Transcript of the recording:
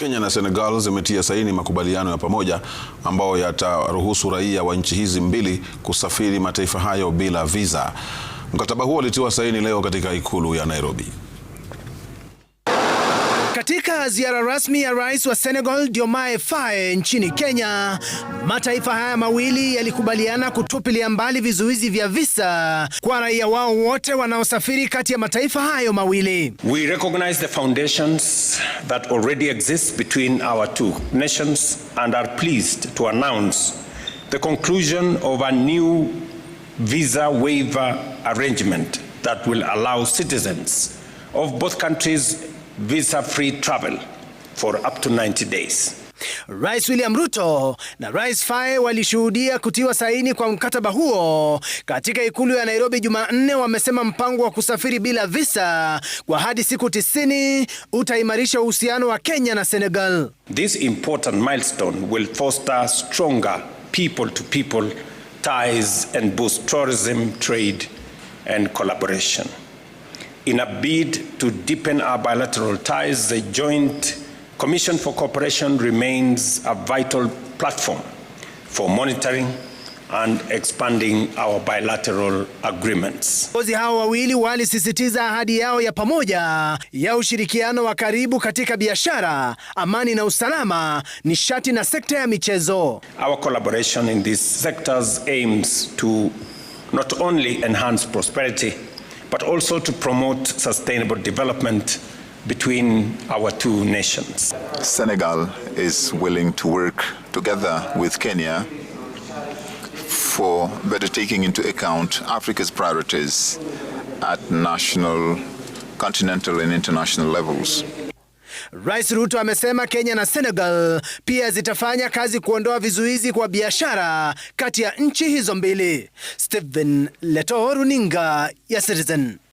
Kenya na Senegal zimetia saini makubaliano ya pamoja ambayo yataruhusu raia wa nchi hizi mbili kusafiri mataifa hayo bila visa. Mkataba huo ulitiwa saini leo katika ikulu ya Nairobi. Katika ziara rasmi ya rais wa Senegal Diomaye Faye nchini Kenya, mataifa haya mawili yalikubaliana kutupilia mbali vizuizi vya visa kwa raia wao wote wanaosafiri kati ya mataifa hayo mawili. We recognize the foundations that already exist between our two nations and are pleased to announce the conclusion of a new visa waiver arrangement that will allow citizens of both countries visa free travel for up to 90 days. Rais William Ruto na Rais Fai walishuhudia kutiwa saini kwa mkataba huo katika ikulu ya Nairobi Jumanne. Wamesema mpango wa kusafiri bila visa kwa hadi siku 90 utaimarisha uhusiano wa Kenya na Senegal. This important milestone will foster stronger people to people ties and boost tourism, trade and collaboration in a bid to deepen our bilateral ties, the Joint Commission for Cooperation remains a vital platform for monitoring and expanding our bilateral agreements. Viongozi hao wawili walisisitiza ahadi yao ya pamoja ya ushirikiano wa karibu katika biashara, amani na usalama, nishati na sekta ya michezo. Our collaboration in these sectors aims to not only enhance prosperity but also to promote sustainable development between our two nations. Senegal is willing to work together with Kenya for better taking into account Africa's priorities at national, continental, and international levels. Rais Ruto amesema Kenya na Senegal pia zitafanya kazi kuondoa vizuizi kwa biashara kati ya nchi hizo mbili. Stephen Leto, runinga ya Citizen.